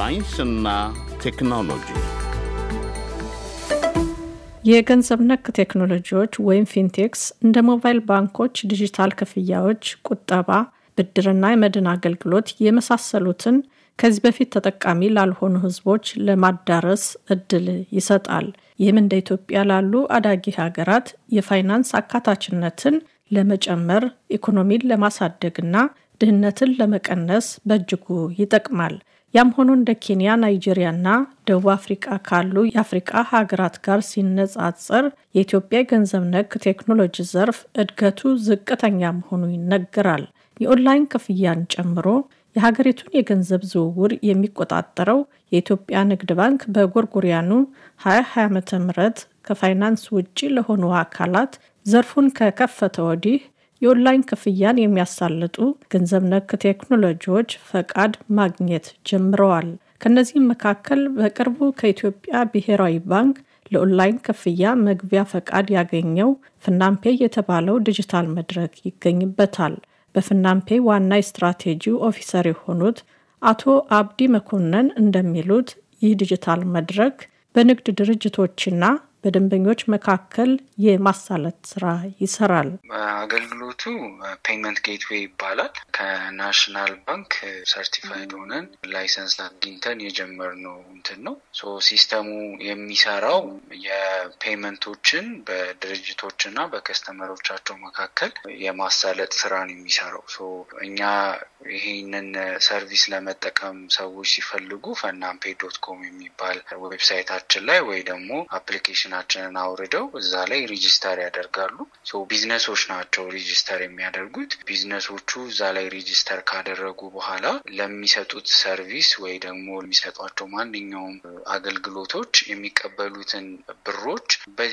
ሳይንስና ቴክኖሎጂ የገንዘብ ነክ ቴክኖሎጂዎች ወይም ፊንቴክስ እንደ ሞባይል ባንኮች፣ ዲጂታል ክፍያዎች፣ ቁጠባ፣ ብድርና የመድን አገልግሎት የመሳሰሉትን ከዚህ በፊት ተጠቃሚ ላልሆኑ ሕዝቦች ለማዳረስ እድል ይሰጣል። ይህም እንደ ኢትዮጵያ ላሉ አዳጊ ሀገራት የፋይናንስ አካታችነትን ለመጨመር፣ ኢኮኖሚን ለማሳደግና ድህነትን ለመቀነስ በእጅጉ ይጠቅማል። ያም ሆኖ እንደ ኬንያ፣ ናይጄሪያና ደቡብ አፍሪቃ ካሉ የአፍሪቃ ሀገራት ጋር ሲነጻጽር የኢትዮጵያ የገንዘብ ነክ ቴክኖሎጂ ዘርፍ እድገቱ ዝቅተኛ መሆኑ ይነገራል። የኦንላይን ክፍያን ጨምሮ የሀገሪቱን የገንዘብ ዝውውር የሚቆጣጠረው የኢትዮጵያ ንግድ ባንክ በጎርጎሪያኑ 2020 ዓ.ም ከፋይናንስ ውጪ ለሆኑ አካላት ዘርፉን ከከፈተ ወዲህ የኦንላይን ክፍያን የሚያሳልጡ ገንዘብ ነክ ቴክኖሎጂዎች ፈቃድ ማግኘት ጀምረዋል። ከእነዚህም መካከል በቅርቡ ከኢትዮጵያ ብሔራዊ ባንክ ለኦንላይን ክፍያ መግቢያ ፈቃድ ያገኘው ፍናምፔ የተባለው ዲጂታል መድረክ ይገኝበታል። በፍናምፔ ዋና የስትራቴጂ ኦፊሰር የሆኑት አቶ አብዲ መኮንን እንደሚሉት ይህ ዲጂታል መድረክ በንግድ ድርጅቶችና በደንበኞች መካከል የማሳለት ስራ ይሰራል። አገልግሎቱ ፔይመንት ጌትዌይ ይባላል። ከናሽናል ባንክ ሰርቲፋይድ ሆነን ላይሰንስ አግኝተን የጀመርነው እንትን ነው። ሲስተሙ የሚሰራው የፔይመንቶችን በድርጅቶችና በከስተመሮቻቸው መካከል የማሳለጥ ስራ ነው የሚሰራው። እኛ ይህንን ሰርቪስ ለመጠቀም ሰዎች ሲፈልጉ ፈናምፔ ዶት ኮም የሚባል ዌብሳይታችን ላይ ወይ ደግሞ አፕሊኬሽን ኢንፎርሜሽናችንን አውርደው እዛ ላይ ሬጅስተር ያደርጋሉ። ቢዝነሶች ናቸው ሬጅስተር የሚያደርጉት። ቢዝነሶቹ እዛ ላይ ሬጅስተር ካደረጉ በኋላ ለሚሰጡት ሰርቪስ ወይ ደግሞ ለሚሰጧቸው ማንኛውም አገልግሎቶች የሚቀበሉትን ብሮች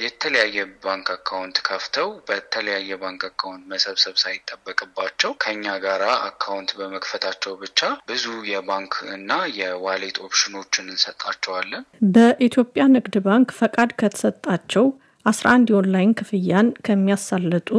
የተለያየ ባንክ አካውንት ከፍተው በተለያየ ባንክ አካውንት መሰብሰብ ሳይጠበቅባቸው ከኛ ጋራ አካውንት በመክፈታቸው ብቻ ብዙ የባንክ እና የዋሌት ኦፕሽኖችን እንሰጣቸዋለን። በኢትዮጵያ ንግድ ባንክ ፈቃድ ከተሰ በሰጣቸው 11 የኦንላይን ክፍያን ከሚያሳልጡ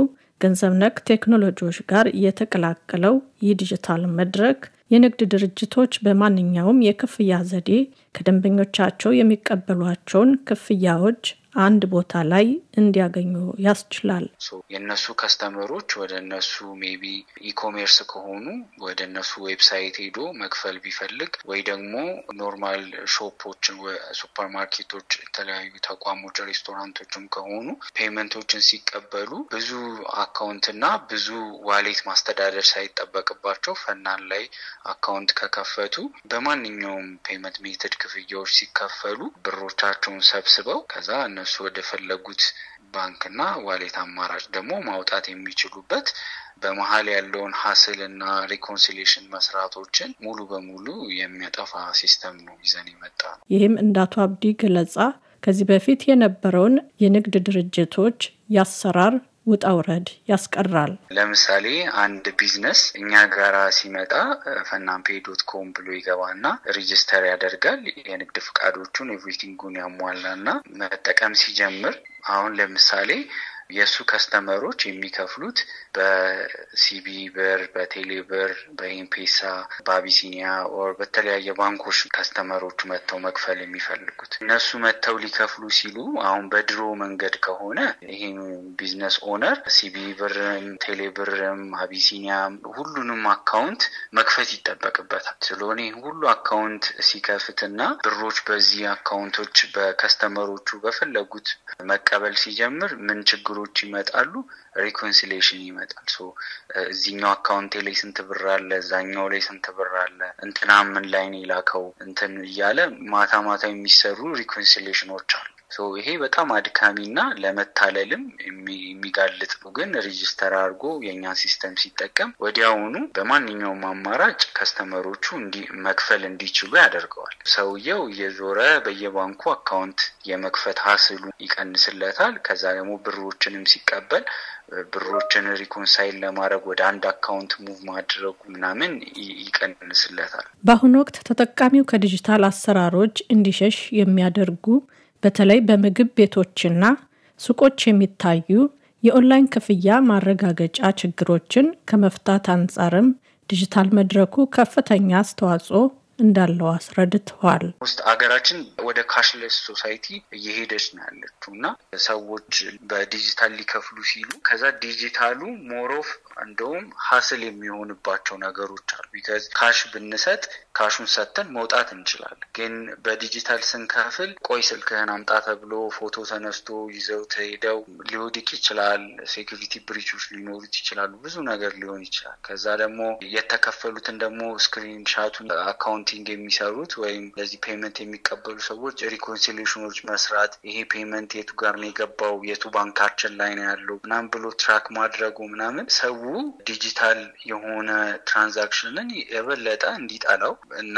ገንዘብ ነክ ቴክኖሎጂዎች ጋር የተቀላቀለው ይህ ዲጂታል መድረክ የንግድ ድርጅቶች በማንኛውም የክፍያ ዘዴ ከደንበኞቻቸው የሚቀበሏቸውን ክፍያዎች አንድ ቦታ ላይ እንዲያገኙ ያስችላል። የእነሱ ከስተመሮች ወደ እነሱ ሜቢ ኢኮሜርስ ከሆኑ ወደ እነሱ ዌብሳይት ሄዶ መክፈል ቢፈልግ ወይ ደግሞ ኖርማል ሾፖችን፣ ሱፐርማርኬቶች የተለያዩ ተቋሞች፣ ሬስቶራንቶችም ከሆኑ ፔመንቶችን ሲቀበሉ ብዙ አካውንትና ብዙ ዋሌት ማስተዳደር ሳይጠበቅባቸው ፈናን ላይ አካውንት ከከፈቱ በማንኛውም ፔመንት ሜትድ ክፍያዎች ሲከፈሉ ብሮቻቸውን ሰብስበው ከዛ እነሱ እነሱ ወደፈለጉት ባንክና ዋሌት አማራጭ ደግሞ ማውጣት የሚችሉበት በመሀል ያለውን ሀስል እና ሪኮንሲሌሽን መስራቶችን ሙሉ በሙሉ የሚያጠፋ ሲስተም ነው ይዘን የመጣ ነው። ይህም እንደ አቶ አብዲ ገለጻ ከዚህ በፊት የነበረውን የንግድ ድርጅቶች የአሰራር ውጣ ውረድ ያስቀራል። ለምሳሌ አንድ ቢዝነስ እኛ ጋራ ሲመጣ ፈናምፔ ዶት ኮም ብሎ ይገባና ሬጅስተር ያደርጋል። የንግድ ፈቃዶቹን ኤቭሪቲንጉን ያሟላና መጠቀም ሲጀምር አሁን ለምሳሌ የእሱ ከስተመሮች የሚከፍሉት በሲቢ ብር፣ በቴሌ ብር፣ በኤምፔሳ፣ በአቢሲኒያ ኦር በተለያየ ባንኮች ከስተመሮቹ መጥተው መክፈል የሚፈልጉት እነሱ መጥተው ሊከፍሉ ሲሉ አሁን በድሮ መንገድ ከሆነ ይሄን ቢዝነስ ኦነር ሲቢ ብርም፣ ቴሌ ብርም፣ አቢሲኒያም ሁሉንም አካውንት መክፈት ይጠበቅበታል። ስለሆነ ይህ ሁሉ አካውንት ሲከፍትና ብሮች በዚህ አካውንቶች በከስተመሮቹ በፈለጉት መቀበል ሲጀምር ምን ችግሩ ነገሮች ይመጣሉ፣ ሪኮንሲሌሽን ይመጣል። ሶ እዚህኛው አካውንቴ ላይ ስንት ብር አለ፣ እዛኛው ላይ ስንት ብር አለ፣ እንትና ምን ላይ ነው የላከው እንትን እያለ ማታ ማታ የሚሰሩ ሪኮንሲሌሽኖች አሉ። ይሄ በጣም አድካሚ እና ለመታለልም የሚጋልጥ ነው። ግን ሬጅስተር አድርጎ የእኛን ሲስተም ሲጠቀም ወዲያውኑ በማንኛውም አማራጭ ከስተመሮቹ መክፈል እንዲችሉ ያደርገዋል። ሰውየው እየዞረ በየባንኩ አካውንት የመክፈት ሀስሉ ይቀንስለታል። ከዛ ደግሞ ብሮችንም ሲቀበል ብሮችን ሪኮንሳይል ለማድረግ ወደ አንድ አካውንት ሙቭ ማድረጉ ምናምን ይቀንስለታል። በአሁኑ ወቅት ተጠቃሚው ከዲጂታል አሰራሮች እንዲሸሽ የሚያደርጉ በተለይ በምግብ ቤቶችና ሱቆች የሚታዩ የኦንላይን ክፍያ ማረጋገጫ ችግሮችን ከመፍታት አንጻርም ዲጂታል መድረኩ ከፍተኛ አስተዋጽኦ እንዳለው አስረድተዋል። ውስጥ አገራችን ወደ ካሽለስ ሶሳይቲ እየሄደች ነው ያለችው እና ሰዎች በዲጂታል ሊከፍሉ ሲሉ ከዛ ዲጂታሉ ሞሮፍ እንደውም ሀስል የሚሆንባቸው ነገሮች አሉ። ቢካዝ ካሽ ብንሰጥ ካሹን ሰጥተን መውጣት እንችላለን። ግን በዲጂታል ስንከፍል ቆይ ስልክህን አምጣ ተብሎ ፎቶ ተነስቶ ይዘው ተሄደው ሊወድቅ ይችላል። ሴኩሪቲ ብሪቾች ሊኖሩት ይችላሉ። ብዙ ነገር ሊሆን ይችላል። ከዛ ደግሞ የተከፈሉትን ደግሞ ስክሪን ሻቱን አካውንት አካውንቲንግ የሚሰሩት ወይም ለዚህ ፔመንት የሚቀበሉ ሰዎች ሪኮንሲሌሽኖች መስራት፣ ይሄ ፔመንት የቱ ጋር ነው የገባው፣ የቱ ባንካችን ላይ ነው ያለው ምናምን ብሎ ትራክ ማድረጉ ምናምን ሰው ዲጂታል የሆነ ትራንዛክሽንን የበለጠ እንዲጠላው እና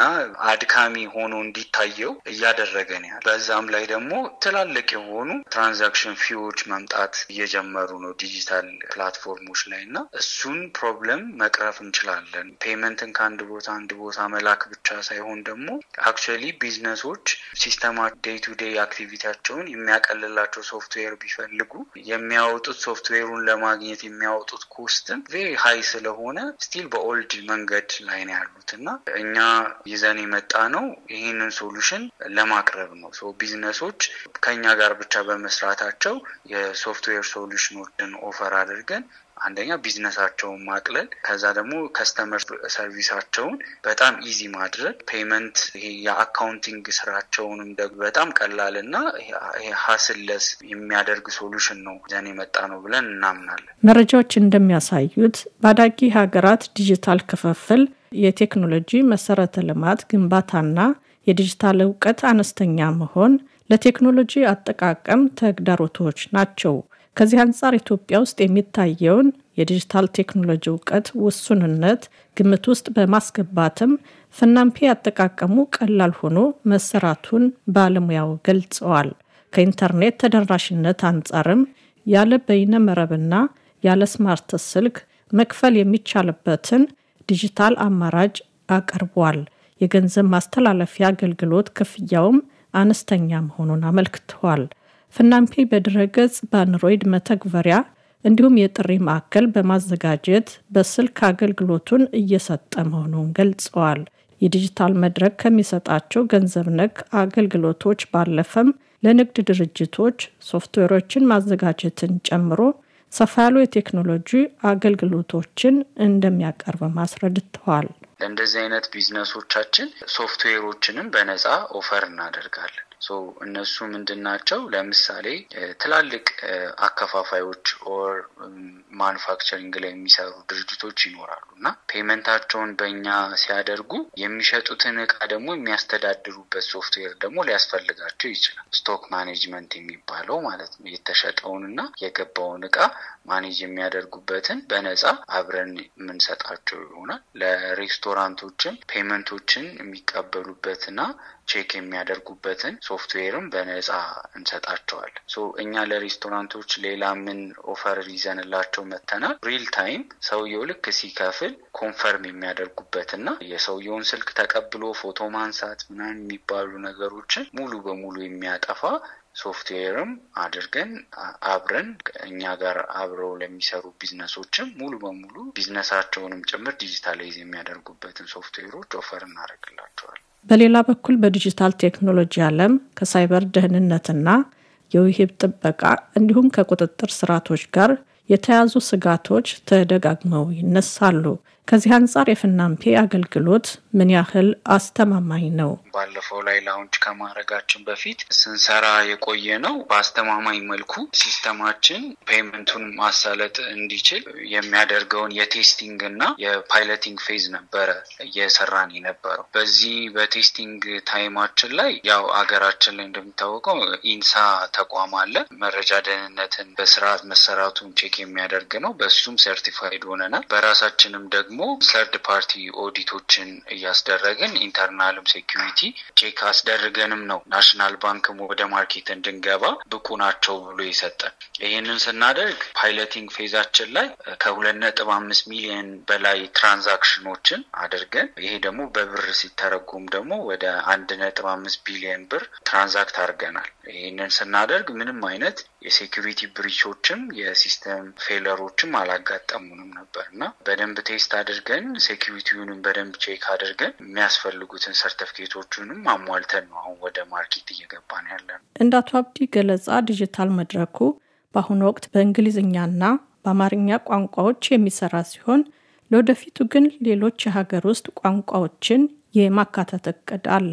አድካሚ ሆኖ እንዲታየው እያደረገ ነው ያለ። በዛም ላይ ደግሞ ትላልቅ የሆኑ ትራንዛክሽን ፊዎች መምጣት እየጀመሩ ነው ዲጂታል ፕላትፎርሞች ላይ እና እሱን ፕሮብለም መቅረፍ እንችላለን። ፔመንትን ከአንድ ቦታ አንድ ቦታ መላክ ብቻ ሳይሆን ደግሞ አክቹዋሊ ቢዝነሶች ሲስተማ ዴይ ቱ ዴይ አክቲቪቲያቸውን የሚያቀልላቸው ሶፍትዌር ቢፈልጉ የሚያወጡት ሶፍትዌሩን ለማግኘት የሚያወጡት ኮስትም ቬሪ ሀይ ስለሆነ ስቲል በኦልድ መንገድ ላይ ነው ያሉት እና እኛ ይዘን የመጣ ነው ይህንን ሶሉሽን ለማቅረብ ነው። ሶ ቢዝነሶች ከኛ ጋር ብቻ በመስራታቸው የሶፍትዌር ሶሉሽኖችን ኦፈር አድርገን አንደኛ ቢዝነሳቸውን ማቅለል፣ ከዛ ደግሞ ከስተመር ሰርቪሳቸውን በጣም ኢዚ ማድረግ፣ ፔመንት የአካውንቲንግ ስራቸውንም በጣም ቀላል እና ሀስለስ የሚያደርግ ሶሉሽን ነው ዘን የመጣ ነው ብለን እናምናለን። መረጃዎች እንደሚያሳዩት በአዳጊ ሀገራት ዲጂታል ክፍፍል፣ የቴክኖሎጂ መሰረተ ልማት ግንባታና የዲጂታል እውቀት አነስተኛ መሆን ለቴክኖሎጂ አጠቃቀም ተግዳሮቶች ናቸው። ከዚህ አንጻር ኢትዮጵያ ውስጥ የሚታየውን የዲጂታል ቴክኖሎጂ እውቀት ውሱንነት ግምት ውስጥ በማስገባትም ፈናምፒ ያጠቃቀሙ ቀላል ሆኖ መሰራቱን ባለሙያው ገልጸዋል። ከኢንተርኔት ተደራሽነት አንጻርም ያለ በይነ መረብና ያለ ስማርት ስልክ መክፈል የሚቻልበትን ዲጂታል አማራጭ አቀርቧል። የገንዘብ ማስተላለፊያ አገልግሎት ክፍያውም አነስተኛ መሆኑን አመልክተዋል። ፈናምፔ በድረገጽ በአንድሮይድ መተግበሪያ እንዲሁም የጥሪ ማዕከል በማዘጋጀት በስልክ አገልግሎቱን እየሰጠ መሆኑን ገልጸዋል። የዲጂታል መድረክ ከሚሰጣቸው ገንዘብ ነክ አገልግሎቶች ባለፈም ለንግድ ድርጅቶች ሶፍትዌሮችን ማዘጋጀትን ጨምሮ ሰፋ ያሉ የቴክኖሎጂ አገልግሎቶችን እንደሚያቀርብ አስረድተዋል። ለእንደዚህ አይነት ቢዝነሶቻችን ሶፍትዌሮችንም በነፃ ኦፈር እናደርጋለን። እነሱ ምንድን ናቸው? ለምሳሌ ትላልቅ አከፋፋዮች ኦር ማኑፋክቸሪንግ ላይ የሚሰሩ ድርጅቶች ይኖራሉ እና ፔመንታቸውን በእኛ ሲያደርጉ የሚሸጡትን እቃ ደግሞ የሚያስተዳድሩበት ሶፍትዌር ደግሞ ሊያስፈልጋቸው ይችላል። ስቶክ ማኔጅመንት የሚባለው ማለት ነው። የተሸጠውን እና የገባውን እቃ ማኔጅ የሚያደርጉበትን በነጻ አብረን የምንሰጣቸው ይሆናል። ለሬስቶራንቶችም ፔመንቶችን የሚቀበሉበትና ቼክ የሚያደርጉበትን ሶፍትዌርም በነፃ እንሰጣቸዋል። እኛ ለሬስቶራንቶች ሌላ ምን ኦፈር ይዘንላቸው መተናል? ሪል ታይም ሰውየው ልክ ሲከፍል ኮንፈርም የሚያደርጉበት ና የሰውየውን ስልክ ተቀብሎ ፎቶ ማንሳት ምናምን የሚባሉ ነገሮችን ሙሉ በሙሉ የሚያጠፋ ሶፍትዌርም አድርገን አብረን እኛ ጋር አብረው ለሚሰሩ ቢዝነሶችም ሙሉ በሙሉ ቢዝነሳቸውንም ጭምር ዲጂታላይዝ የሚያደርጉበትን ሶፍትዌሮች ኦፈር እናደርግላቸዋል። በሌላ በኩል በዲጂታል ቴክኖሎጂ ዓለም ከሳይበር ደህንነትና የውሂብ ጥበቃ እንዲሁም ከቁጥጥር ስርዓቶች ጋር የተያዙ ስጋቶች ተደጋግመው ይነሳሉ። ከዚህ አንጻር የፍናምፔ አገልግሎት ምን ያህል አስተማማኝ ነው? ባለፈው ላይ ላውንች ከማድረጋችን በፊት ስንሰራ የቆየ ነው። በአስተማማኝ መልኩ ሲስተማችን ፔመንቱን ማሳለጥ እንዲችል የሚያደርገውን የቴስቲንግ እና የፓይለቲንግ ፌዝ ነበረ እየሰራን የነበረው። በዚህ በቴስቲንግ ታይማችን ላይ ያው አገራችን ላይ እንደሚታወቀው ኢንሳ ተቋም አለ። መረጃ ደህንነትን በስርዓት መሰራቱን ቼክ የሚያደርግ ነው። በሱም ሰርቲፋይድ ሆነናል። በራሳችንም ደግሞ ሰርድ ፓርቲ ኦዲቶችን እያስደረግን ኢንተርናልም ሴኪሪቲ ቼክ አስደርገንም ነው ናሽናል ባንክም ወደ ማርኬት እንድንገባ ብቁ ናቸው ብሎ የሰጠን። ይህንን ስናደርግ ፓይለቲንግ ፌዛችን ላይ ከሁለት ነጥብ አምስት ሚሊዮን በላይ ትራንዛክሽኖችን አድርገን ይሄ ደግሞ በብር ሲተረጉም ደግሞ ወደ አንድ ነጥብ አምስት ቢሊዮን ብር ትራንዛክት አድርገናል። ይህንን ስናደርግ ምንም አይነት የሴኪሪቲ ብሪቾችም የሲስተም ፌለሮችም አላጋጠሙንም ነበር እና በደንብ ቴስት አድርገን ሴኪሪቲውንም በደንብ ቼክ አድርገን የሚያስፈልጉትን ሰርተፍኬቶቹንም አሟልተን ነው አሁን ወደ ማርኬት እየገባን ያለ ነው። እንደ አቶ አብዲ ገለጻ ዲጂታል መድረኩ በአሁኑ ወቅት በእንግሊዝኛና በአማርኛ ቋንቋዎች የሚሰራ ሲሆን ለወደፊቱ ግን ሌሎች የሀገር ውስጥ ቋንቋዎችን የማካተት እቅድ አለ።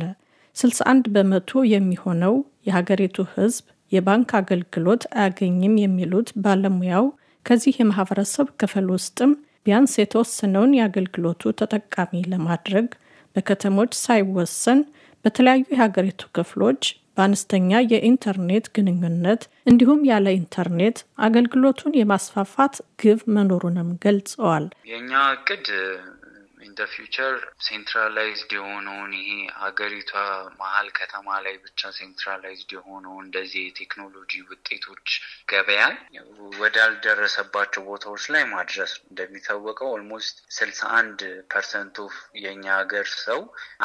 61 በመቶ የሚሆነው የሀገሪቱ ህዝብ የባንክ አገልግሎት አያገኝም የሚሉት ባለሙያው ከዚህ የማህበረሰብ ክፍል ውስጥም ቢያንስ የተወሰነውን የአገልግሎቱ ተጠቃሚ ለማድረግ በከተሞች ሳይወሰን በተለያዩ የሀገሪቱ ክፍሎች በአነስተኛ የኢንተርኔት ግንኙነት እንዲሁም ያለ ኢንተርኔት አገልግሎቱን የማስፋፋት ግብ መኖሩንም ገልጸዋል። የእኛ እቅድ ኢን ፊውቸር ሴንትራላይዝድ የሆነውን ይሄ ሀገሪቷ መሀል ከተማ ላይ ብቻ ሴንትራላይዝድ የሆነው እንደዚህ የቴክኖሎጂ ውጤቶች ገበያን ወዳልደረሰባቸው ቦታዎች ላይ ማድረስ ነው። እንደሚታወቀው ኦልሞስት ስልሳ አንድ ፐርሰንት ኦፍ የእኛ ሀገር ሰው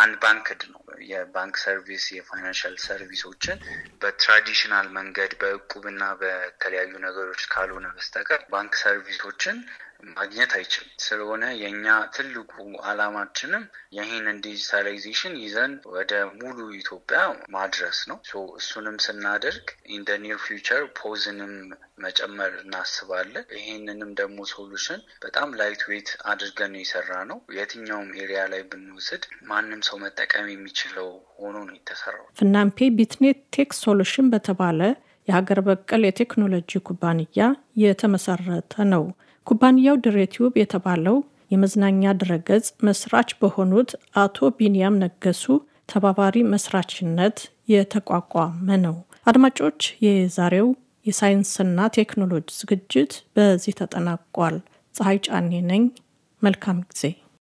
አንድ ባንክድ ነው። የባንክ ሰርቪስ የፋይናንሻል ሰርቪሶችን በትራዲሽናል መንገድ በእቁብና በተለያዩ ነገሮች ካልሆነ በስተቀር ባንክ ሰርቪሶችን ማግኘት አይችልም። ስለሆነ የእኛ ትልቁ አላማችንም ይህንን ዲጂታላይዜሽን ይዘን ወደ ሙሉ ኢትዮጵያ ማድረስ ነው። እሱንም ስናደርግ ኢን ደ ኒር ፊውቸር ፖዝንም መጨመር እናስባለን። ይህንንም ደግሞ ሶሉሽን በጣም ላይት ዌት አድርገን የሰራ ነው። የትኛውም ኤሪያ ላይ ብንወስድ ማንም ሰው መጠቀም የሚችለው ሆኖ ነው የተሰራው። ፍናምፔ ቢትኔት ቴክ ሶሉሽን በተባለ የሀገር በቀል የቴክኖሎጂ ኩባንያ የተመሰረተ ነው። ኩባንያው ድሬቲዩብ የተባለው የመዝናኛ ድረገጽ መስራች በሆኑት አቶ ቢንያም ነገሱ ተባባሪ መስራችነት የተቋቋመ ነው። አድማጮች፣ የዛሬው የሳይንስና ቴክኖሎጂ ዝግጅት በዚህ ተጠናቋል። ፀሐይ ጫኔ ነኝ። መልካም ጊዜ